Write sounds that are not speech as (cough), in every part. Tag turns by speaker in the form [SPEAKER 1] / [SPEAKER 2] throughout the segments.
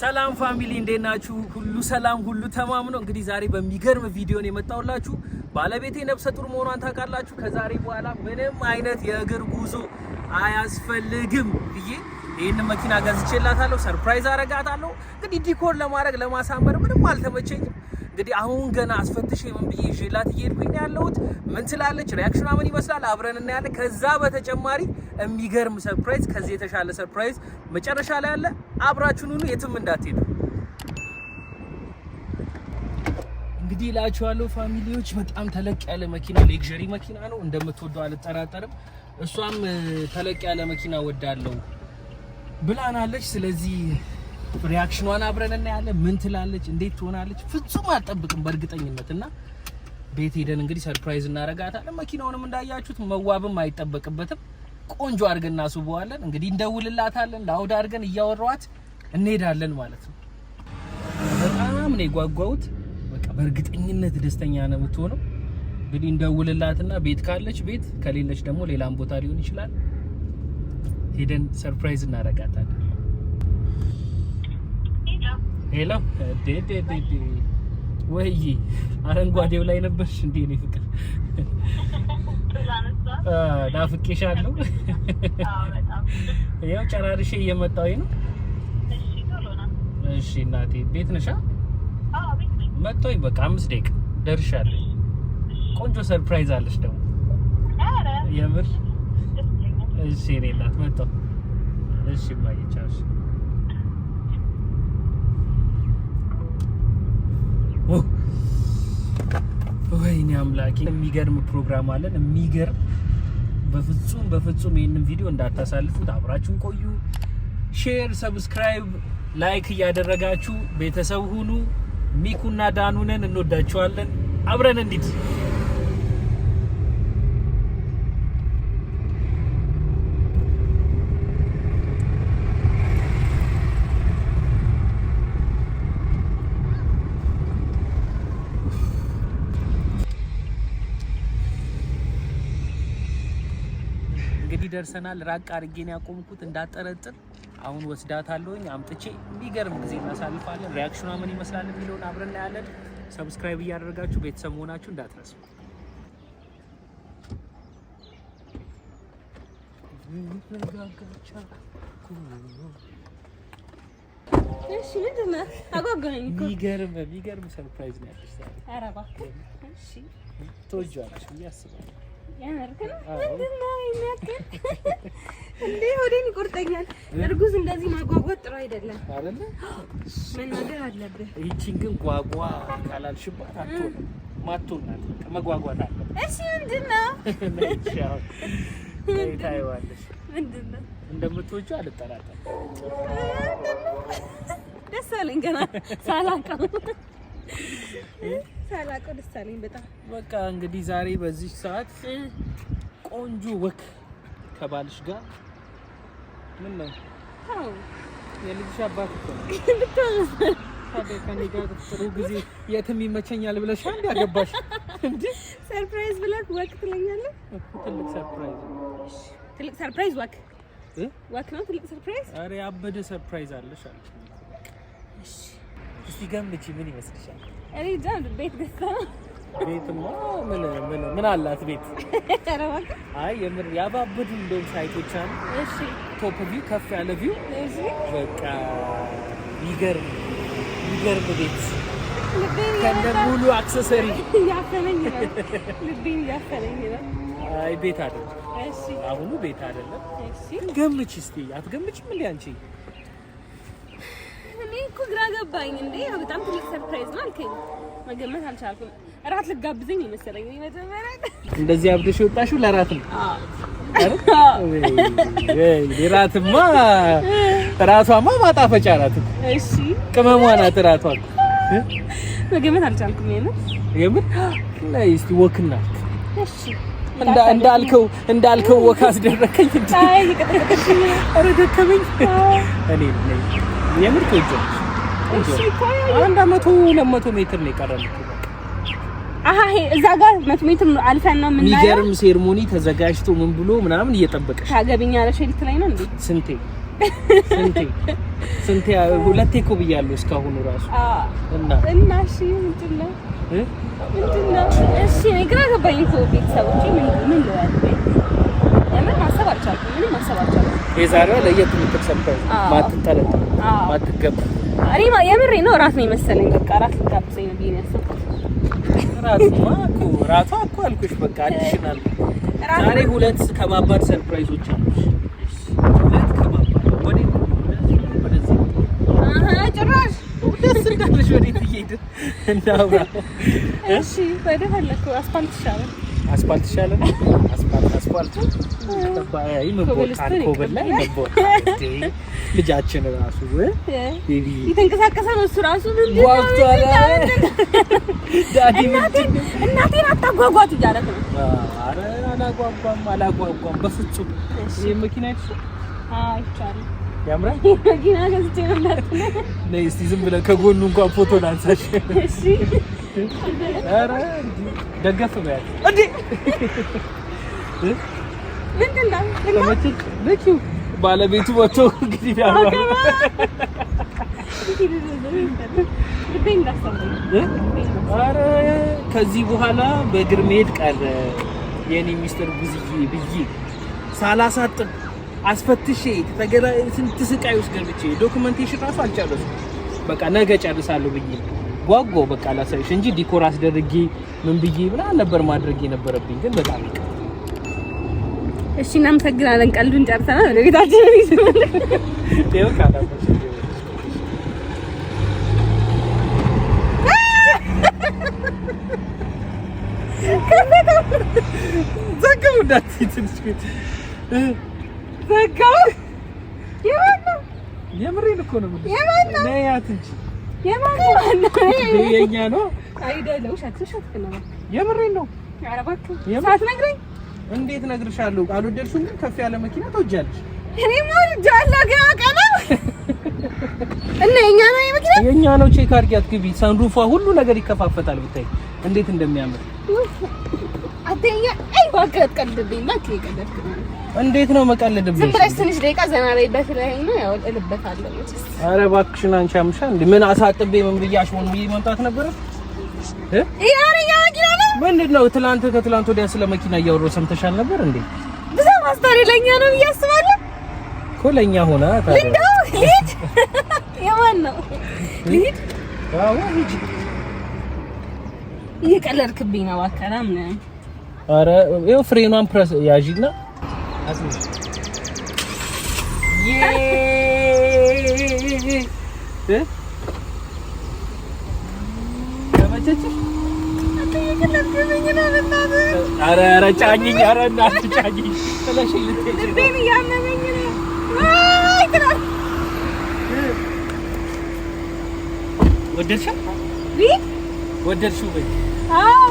[SPEAKER 1] ሰላም ፋሚሊ እንዴት ናችሁ? ሁሉ ሰላም፣ ሁሉ ተማምኖ። እንግዲህ ዛሬ በሚገርም ቪዲዮ ነው የመጣሁላችሁ። ባለቤቴ ነፍሰ ጡር መሆኗን ታውቃላችሁ። ከዛሬ በኋላ ምንም አይነት የእግር ጉዞ አያስፈልግም ብዬ ይህን መኪና ገዝቼላታለሁ። ሰርፕራይዝ አረጋታለሁ። እንግዲህ ዲኮር ለማድረግ ለማሳመር ምንም አልተመቸኝም። እንግዲህ አሁን ገና አስፈትሽ ምን ብዬ ይዤላት እየሄድኩኝ ነው ያለሁት። ምን ትላለች? ሪያክሽኗ ምን ይመስላል? አብረን እናያለን። ከዛ በተጨማሪ የሚገርም ሰርፕራይዝ፣ ከዚህ የተሻለ ሰርፕራይዝ መጨረሻ ላይ አለ። አብራችሁን ሁኑ፣ የትም እንዳትሄዱ። እንግዲህ እላችኋለሁ ፋሚሊዎች፣ በጣም ተለቅ ያለ መኪና ሌክዥሪ መኪና ነው። እንደምትወደው አልጠራጠርም። እሷም ተለቅ ያለ መኪና ወዳለው ብላናለች። ስለዚህ ሪያክሽኗን አብረን እናያለን። ምን ትላለች፣ እንዴት ትሆናለች? ፍጹም አልጠብቅም በእርግጠኝነት እና ቤት ሄደን እንግዲህ ሰርፕራይዝ እናረጋታለን። መኪናውንም እንዳያችሁት መዋብም አይጠበቅበትም። ቆንጆ አድርገን እናስውበዋለን እንግዲህ እንደውልላታለን። ላውድ አድርገን እያወራዋት እንሄዳለን ማለት ነው። በጣም ነው የጓጓሁት። በቃ በእርግጠኝነት ደስተኛ ነው የምትሆነው። እንግዲህ እንደውልላትና ቤት ካለች ቤት፣ ከሌለች ደግሞ ሌላም ቦታ ሊሆን ይችላል ሄደን ሰርፕራይዝ እናረጋታለን። ሄሎ ወይ አረንጓዴው ላይ ነበርሽ እንዴ? እኔ ፍቅር ናፍቄሻለሁ። ያው ጨራርሼ እየመጣሁ ነው። እሺ እናቴ ቤት መጥቶኝ በቃ አምስት ደቂቃ ደርሻለሁ። ቆንጆ ሰርፕራይዝ አለሽ ደግሞ የምር። እሺ እኔ እናት መጣሁ። እሺ አምላኬ የሚገርም ፕሮግራም አለን። የሚገርም በፍጹም በፍጹም ይህንን ቪዲዮ እንዳታሳልፉት። አብራችሁን ቆዩ። ሼር፣ ሰብስክራይብ፣ ላይክ እያደረጋችሁ ቤተሰብ ሁኑ። ሚኩና ዳኑነን እንወዳችኋለን። አብረን እንዲት እዚህ ደርሰናል። ራቅ አድርጌን ያቆምኩት እንዳጠረጥር። አሁን ወስዳታለሁኝ አምጥቼ የሚገርም ጊዜ እናሳልፋለን። ሪያክሽኗ ምን ይመስላል የሚለውን አብረን እናያለን። ሰብስክራይብ እያደረጋችሁ ቤተሰብ መሆናችሁ እንዳትረሱ። ሚገርም ሚገርም ሰርፕራይዝ ነው ያለሽ።
[SPEAKER 2] እንዴ ሆዴን ይቆርጠኛል። እርጉዝ እንደዚህ ማጓጓት ጥሩ አይደለም አይደለ? መናገር አለብህ።
[SPEAKER 1] ይቺን ግን ጓጓ ካላልሽባት አትሆንም። ማቶናል መጓጓት አለ።
[SPEAKER 2] እሺ ምንድን ነው?
[SPEAKER 1] ታይዋለሽ። ምንድን ነው እንደምትወጪው አልጠራጠርም።
[SPEAKER 2] ደስ አለኝ ገና ሳላውቀው ሳላውቀው ደስ አለኝ በጣም።
[SPEAKER 1] በቃ እንግዲህ ዛሬ በዚህ ሰዓት ቆንጆ ወክ ከባልሽ ጋር ምን ነው? አዎ የልጅሽ አባት እኮ ጥሩ ጊዜ የትም ይመቸኛል ብለሽ አንድ ያገባሽ
[SPEAKER 2] እንዴ? ሰርፕራይዝ ብለህ ወክ ትለኛለህ።
[SPEAKER 1] ትልቅ ሰርፕራይዝ፣
[SPEAKER 2] ትልቅ ሰርፕራይዝ ወክ ወክ ነው ትልቅ ሰርፕራይዝ።
[SPEAKER 1] ኧረ ያበደ ሰርፕራይዝ አለሽ አለ። እሺ እስቲ ገምቺ፣ ምን ይመስልሻል?
[SPEAKER 2] እኔ እንጃ ቤት ገዝታ
[SPEAKER 1] ቤትማ ምን ምን ምን አላት ቤት? (laughs) አይ የምር ያባብዱ እንደውም ሳይቶች አሉ። እሺ ቶፕ ቪው ከፍ ያለ ቪው። እሺ በቃ ይገርም ይገርም ቤት ከእነ ሙሉ አክሰሰሪ
[SPEAKER 2] ያፈለኝ ነው (laughs) ልቤን ያፈለኝ ነው።
[SPEAKER 1] አይ ቤት አይደለም። እሺ አሁኑ ቤት አይደለም። ገምች እስቲ አትገምችም እንዴ አንቺ?
[SPEAKER 2] እኔ እኮ ግራ ገባኝ እንዴ! በጣም ትልቅ ሰርፕራይዝ ነው አልከኝ። መገመት አልቻልኩም። እራት ልጋብዘኝ መሰለኝ መጀመሪያ።
[SPEAKER 1] እንደዚህ አብደሽ የወጣሽው ለራት ነው? አዎ። እራትማ እራቷማ ማጣፈጫ እራት። እሺ፣ ቅመሟ ናት እራቷ።
[SPEAKER 2] መገመት አልቻልኩም። የምር
[SPEAKER 1] የምር ላይ እስቲ ወክና እሺ እንዳልከው እንዳልከው ወክ አስደረከኝ። አይ ይቅርታ፣ ደከመኝ እኔ የምር ቆንጆ አንድ መቶ ሁለት መቶ ሜትር ነው የቀረን።
[SPEAKER 2] አሀ እዛ ጋር መቶ ሜትር አልፈን ነው
[SPEAKER 1] የምናየው። የሚገርም ሴርሞኒ ተዘጋጅቶ ምን ብሎ ምናምን እየጠበቀሽ
[SPEAKER 2] ታገቢኛለሽ ላይ ነው እንዴ?
[SPEAKER 1] ስንቴ (laughs) ስንቴ ስንቴ ሁለቴ እኮ ብያለሁ እስካሁን ራሱ እና
[SPEAKER 2] እና እሺ ምንድን ነው ምንድን ነው እሺ እኔ ግራ ገባኝ እኮ ቤተሰቦቼ ምን ምን ልበል? ለምን ማሰብ አልቻልኩም። ምንም ማሰብ አልቻልኩም።
[SPEAKER 1] የዛሬዋ ለየት የምትል ሰርፕራይዝ ማትገባ
[SPEAKER 2] አሪማ የምሬ ነው። እራት ነው የመሰለኝ። በቃ እራት ልጋብዘኝ ነው ብዬ ነው ያሰብኩት።
[SPEAKER 1] እራትማ እኮ እራቷ እኮ አልኩሽ። በቃ አዲሽናል ዛሬ ሁለት ከባባድ ሰርፕራይዞች አሉሽ። ሁለት ከባባድ
[SPEAKER 2] ወደ ወደዚህ ጭራሽ ደስ እንዳለሽ ወዴት እየሄድን እናውራ። እሺ ወደ አስፋልት ይሻላል
[SPEAKER 1] አስፋልት ይሻላል። አስፋልት አስፋልት ተባይ መቦጣን ኮብል ላይ መቦጣ ልጃችን ራሱ
[SPEAKER 2] ቤቢ የተንቀሳቀሰ ነው። እሱ ራሱ ዳዲ እናቴን አታጓጓት እያለት ነው።
[SPEAKER 1] ኧረ አላጓጓም፣ አላጓጓም በፍጹም። ይህ መኪና ይሱ
[SPEAKER 2] አይቻልም። ያምራል። መኪና ገዝቼ ነው እናት
[SPEAKER 1] ነይ እስቲ ዝም ብለን ከጎኑ እንኳን ፎቶ ላንሳሽ። እሺ ኧረ እንዲ ደገፍ በያት እንዴ! ባለቤቱ ወጥቶ እንግዲህ ከዚህ በኋላ በእግር መሄድ ቀረ። የኔ ሚስተር ጉዝዬ ብዬ ሳላሳጥም አስፈትሼ ተገላ ስንት ስቃይ ውስጥ ገብቼ ዶክመንቴሽን ራሱ አልጨረስኩም። በቃ ነገ ጨርሳለሁ ብዬ ጓጓው በቃ ላሳይሽ እንጂ ዲኮር አስደርጌ ምን ብዬ ምናምን ነበር ማድረግ የነበረብኝ፣ ግን በጣም ይቀር።
[SPEAKER 2] እሺ እናመሰግናለን። ቀልዱን ጨርሰናል። ወደ ቤታችን ዘጋው። የማን ነው?
[SPEAKER 1] የምሬን እኮ ነው። የማን ነው? ነይ እንጂ
[SPEAKER 2] የኛ ነው አይደለም። ውሸት ውሸት ነው። የምሬን ነው። ኧረ እባክህ ሳትነግረኝ
[SPEAKER 1] እንዴት እነግርሻለሁ? አልወደድሽም፣ ግን ከፍ ያለ መኪና ተወጃለሽ።
[SPEAKER 2] እኔማ ወድጃለሁ። ግን አውቃለሁ እና የኛ ነው የመኪና
[SPEAKER 1] የኛ ነው። ቼክ አድርጊያት፣ ግቢ። ሰንሩፏ ሁሉ ነገር ይከፋፈታል። ብታይ እንዴት እንደሚያምር
[SPEAKER 2] አትይኛ። አይ እባክህ አትቀልድብኝ፣
[SPEAKER 1] እንዴት ነው መቀልድብኝ?
[SPEAKER 2] ዝም ብለሽ ትንሽ ደቂቃ ዘና ላይ ነው
[SPEAKER 1] ኧረ እባክሽን አንቺ አምሻል እንዴ? ምን አሳጥቤ ምን ብያሽ ሆን ብዬ መምጣት ነበረ ምንድን ነው? ትናንት ከትናንት ወዲያ ስለ መኪና እያወራሁ ሰምተሻል ነበር እንዴ?
[SPEAKER 2] ብዙ ማስታሪ ለኛ ነው ብዬሽ
[SPEAKER 1] እኮ ለኛ ሆነ
[SPEAKER 2] ታዲያ እንደው ልሂድ። የማን ነው ልሂድ?
[SPEAKER 1] ኧረ ይኸው ፍሬኗን ፕረስ ያዥና ወደድሽው? ወደድሽው? አዎ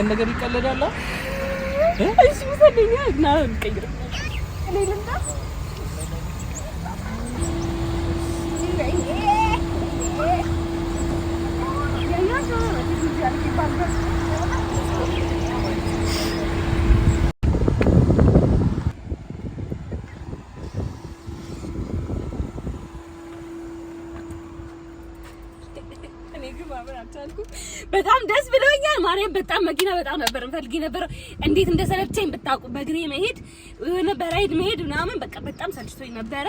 [SPEAKER 1] ይሄን ነገር ይቀለዳል።
[SPEAKER 2] ማርያም በጣም መኪና በጣም ነበር እንፈልግ ነበር። እንዴት እንደሰለቸኝ ብታውቁ በእግሬ መሄድ በራይድ መሄድ ምናምን በቃ በጣም ሰልችቶኝ ነበረ።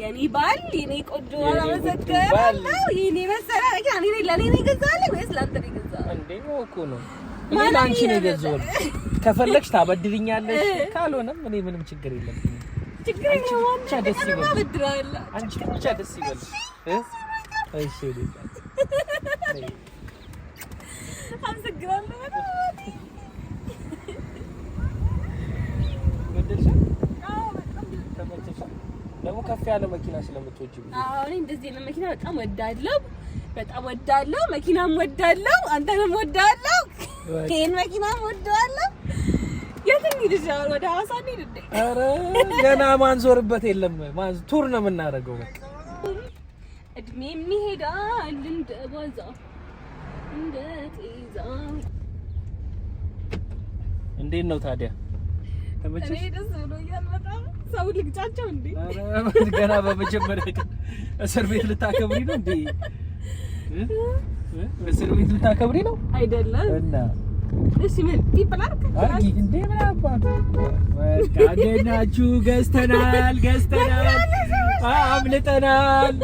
[SPEAKER 2] የኔ ባል የኔ ቆንጆ አላመሰገናለሁ። የኔ መሰለ ያኔ ለኔ ነው ይገዛል ወይስ ላንተ ነው ይገዛል?
[SPEAKER 1] እንዴ እኮ ነው እኔ አንቺ ነው የገዛሁት። ከፈለግሽ ታበድሪኛለሽ፣ ካልሆነም እኔ ምንም ችግር የለም።
[SPEAKER 2] ችግር የለም። ብቻ ደስ ይበል፣
[SPEAKER 1] አንቺ ብቻ ደስ ይበል። እሺ እሺ ደግሞ ከፍ ያለ መኪና ስለምትወጂ
[SPEAKER 2] እኔ እንደዚህ ያለ መኪና በጣም ወዳለው በጣም ወዳለው መኪናም ወዳለው አንተንም ወዳለው ይሄን መኪናም ወዳለው። የት እንሂድ? ወደ ሐዋሳ እንሂድ።
[SPEAKER 1] ኧረ ገና ማንዞርበት የለም ቱር ነው የምናደርገው። በቃ
[SPEAKER 2] እድሜ የሚሄዳል እንደ ዋዛ
[SPEAKER 1] እንዴት ነው ታዲያ?
[SPEAKER 2] እኔ ደስ ብሎኛል ሰው ልግጫቸው እንዴ!
[SPEAKER 1] ገና በመጀመሪያ እስር ቤት ልታከብሪ ነው እንዴ? እስር ቤት ልታከብሪ ነው አይደለም? እና
[SPEAKER 2] እሺ ምን ይበላልከ?
[SPEAKER 1] አይ እንዴ ምን አባቱ ካገኛችሁ ገዝተናል፣ ገዝተናል፣ አምልጠናል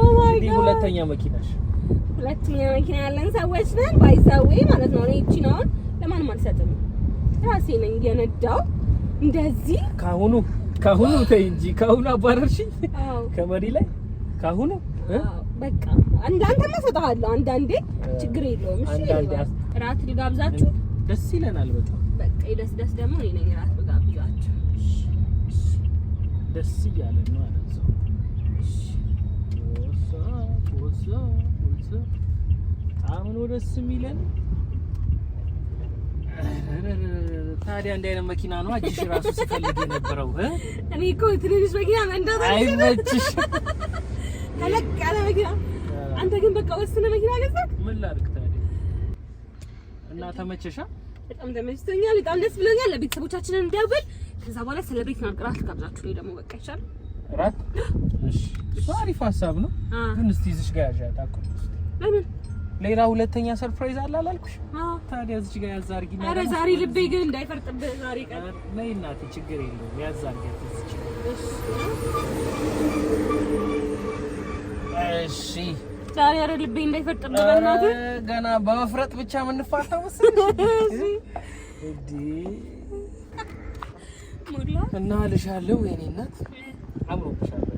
[SPEAKER 1] Oh እንግዲህ ሁለተኛ መኪናሽ
[SPEAKER 2] ሁለተኛ መኪና ያለን ሰዎች ነን። ባይዛዌ ማለት ነው። እኔ እቺን ለማንም አልሰጥም፣ ራሴ ነኝ የነዳው። እንደዚህ
[SPEAKER 1] ካሁኑ ካሁኑ ተይ እንጂ ካሁኑ አባረርሽኝ ከመሪ ላይ ካሁኑ
[SPEAKER 2] በቃ እሰጥሃለሁ። አንዳንዴ ችግር የለውም። እሺ እራት ልጋብዛችሁ፣
[SPEAKER 1] ደስ ይለናል በጣም
[SPEAKER 2] በቃ ደስ ደስ ደግሞ እኔ ነኝ እራት ልጋብዛችሁ።
[SPEAKER 1] ደስ ነው በጣም ነው ደስ የሚለን። ታዲያ እንዲህ አይነት መኪና ነው እጅሽ ራሱ ሲፈልግ የነበረው።
[SPEAKER 2] እኔ እኮ ትንሽ መኪና አይመችሽ፣ ተለቅ ያለ መኪና። አንተ ግን በቃ ወስነ መኪና ገዛት።
[SPEAKER 1] ምን ላድርግ ታዲያ። እና ተመቸሻ?
[SPEAKER 2] በጣም ተመችቶኛል። በጣም ደስ ብሎኛል። ለቤተሰቦቻችንን እንደውል። ከዛ በኋላ ስለ ቤት ነው ደግሞ በቃ
[SPEAKER 1] እሺ፣ አሪፍ ሀሳብ ነው። ግን እስቲ እዚች ጋር ያዣት አቁም። ለምን ሌላ ሁለተኛ ሰርፕራይዝ አለ አላልኩሽ? ታዲያ እዚች ጋር ያዝ አድርጊና፣
[SPEAKER 2] ኧረ ዛሬ ልቤ ግን እንዳይፈርጥብህ ዛሬ ቀን
[SPEAKER 1] ነይ እናቴ፣ ችግር የለውም ያዝ አድርጊያት እዚች። እሺ
[SPEAKER 2] ዛሬ ኧረ ልቤ እንዳይፈርጥብህ በእናትህ።
[SPEAKER 1] ገና በመፍረጥ ብቻ የምንፋታው መሰለሽ (laughs) እንዴ? እና ልሻለሁ የኔ እናት አምሮብሻለሁ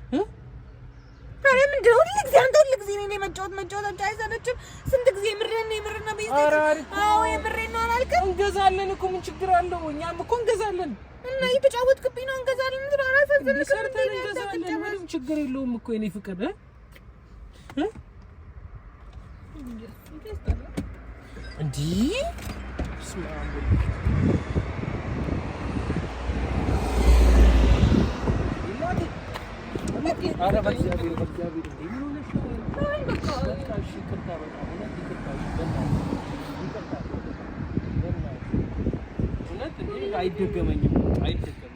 [SPEAKER 2] መጫወት መጫወታቸው አይሰለችም? ስንት ጊዜ የምሬን ነው የምሬን አዎ የምሬን ነው አላልክም?
[SPEAKER 1] እንገዛለን እኮ ምን ችግር አለው? እኛም እኮ እንገዛለን
[SPEAKER 2] እና እየተጫወትክብኝ ነው። እንገዛለን እንትን አላሳዝንልሽም።
[SPEAKER 1] ሰርተን እንገዛለን። ምንም ችግር የለውም እኮ የእኔ ፍቅር እ እ እንዲህ ስማ አረ በእግዚአብሔር በእግዚአብሔር አይደገመኝም አይደገመኝም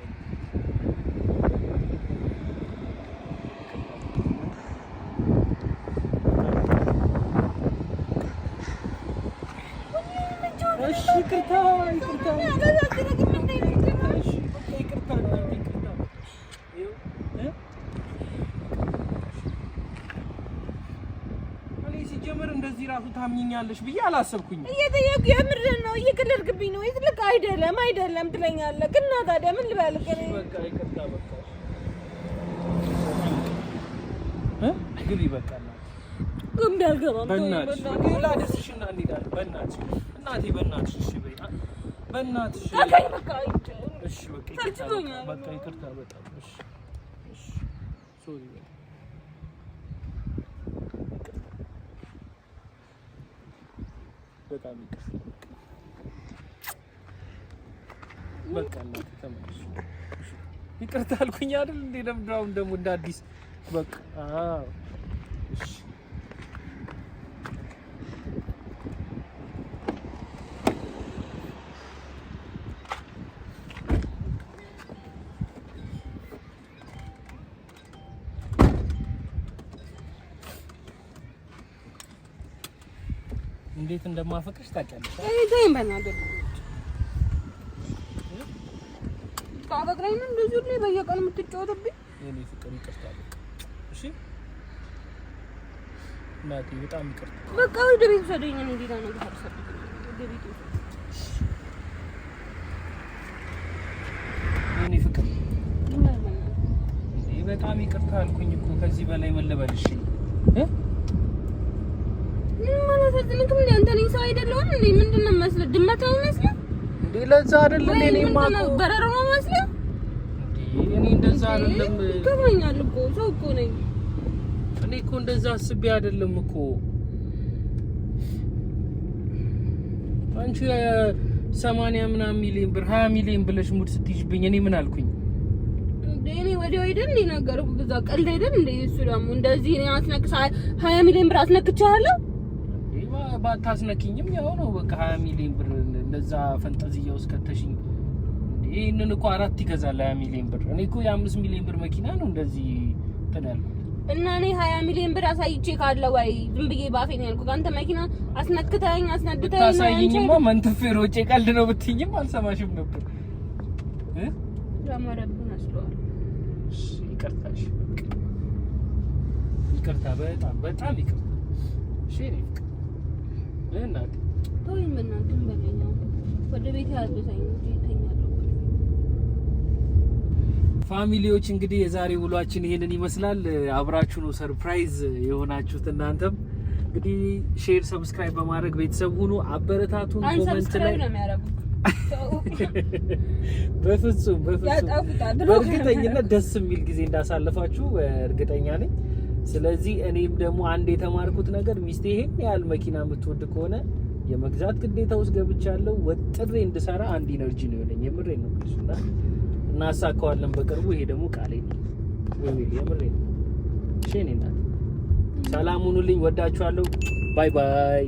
[SPEAKER 1] ታምኝኛለሽ ብዬ አላሰብኩኝ።
[SPEAKER 2] እየጠየኩ የምርህን ነው እየቀለድክብኝ ነው። ልክ አይደለም አይደለም ትለኛለህ፣ ግን ታዲያ ምን ልበልህ? ግሪ በቃ እንዳልገባም
[SPEAKER 1] ላደርስሽና እናቴ፣ እሺ በይ፣ እሺ በቃ እሺ ሶሪ በቃ በጣም ይቅርታ። በቃ እናቴ ተመለስሽ። ይቅርታ አልኩኝ አይደል እንዴ? ለምን አሁን ደግሞ እንደ አዲስ በቃ። አዎ እሺ እንዴት እንደማፈቅርሽ ታውቂያለሽ።
[SPEAKER 2] እኔ ግን በእናትህ ታፈቅረኝ ምን ላይ በየቀኑ የምትጫወትብኝ
[SPEAKER 1] የኔ ፍቅር፣ ይቅርታ እሺ። እናቴ በጣም ይቅርታ
[SPEAKER 2] በቃ። ወደ ቤት ውሰደኝ። እንዴት ነው ነገር አልሰጥም። ወደ ቤት የኔ
[SPEAKER 1] በጣም ይቅርታ አልኩኝ እኮ ከዚህ በላይ መለበልሽ እ
[SPEAKER 2] አላሳዝንክም? እንደ አንተ ነኝ ሰው አይደለሁም እንዴ? ምንድን ነው የምመስለው? ድመት ነው የምመስለው
[SPEAKER 1] እንዴ? ለዛ አይደለም እኔ ነኝ ማቆ
[SPEAKER 2] በረሮ ነው የምመስለው
[SPEAKER 1] እኔ እንደዛ አይደለም።
[SPEAKER 2] ይገባኛል እኮ ሰው እኮ ነኝ
[SPEAKER 1] እኔ እኮ እንደዛ አስቤ አይደለም እኮ አንቺ ሰማንያ ምናምን ሚሊዮን ብር ሀያ ሚሊዮን ብለሽ ሙድ ስትይዥብኝ እኔ ምን አልኩኝ?
[SPEAKER 2] እኔ ወዲያው አይደል እንደ ነገርኩህ፣ እዛ ቀልድ አይደል እንደ እሱ ደግሞ እንደዚህ እኔ አስነክሳ ሀያ ሚሊዮን ብር አስነክቻለሁ።
[SPEAKER 1] ባታስነኪኝም ያው ነው በቃ ሀያ ሚሊዮን ብር ለዛ ፈንጠዝያ ውስጥ ከተሽኝ ይህንን እኮ አራት ይገዛል ሀያ ሚሊዮን ብር እኔ እኮ የአምስት ሚሊዮን ብር መኪና ነው እንደዚህ ትናል
[SPEAKER 2] እና እኔ ሀያ ሚሊዮን ብር አሳይቼ ካለ ወይ ዝም ብዬ ባፌ ነው ያልኩት አንተ መኪና አስነክተኸኝ አስነድተኸኝ
[SPEAKER 1] ብታሳይኝማ መንትፌ ሮጬ ቀልድ ነው ብትይኝም አልሰማሽም ነበር ይቅርታሽ ይቅርታ በጣም በጣም ይቅርታ እሺ እኔ ፋሚሊዎች እንግዲህ የዛሬ ውሏችን ይሄንን ይመስላል። አብራችሁ ነው ሰርፕራይዝ የሆናችሁት እናንተም እንግዲህ ሼር፣ ሰብስክራይብ በማድረግ ቤተሰብ ሁኑ። አበረታቱን።
[SPEAKER 2] ኮመንት ላይ
[SPEAKER 1] በፍጹም በፍጹም በእርግጠኝነት ደስ የሚል ጊዜ እንዳሳለፋችሁ እርግጠኛ ነኝ። ስለዚህ እኔም ደግሞ አንድ የተማርኩት ነገር ሚስቴ ይሄን ያህል መኪና የምትወድ ከሆነ የመግዛት ግዴታ ውስጥ ገብቻለሁ። ወጥሬ እንድሰራ አንድ ኢነርጂ ነው የሆነኝ። የምሬ ነው እና እናሳካዋለን በቅርቡ። ይሄ ደግሞ ቃሌ ነው። የምሬ ነው። እሺ፣ እኔ እናት ሰላም ሁኑልኝ። ወዳችኋለሁ። ባይ ባይ።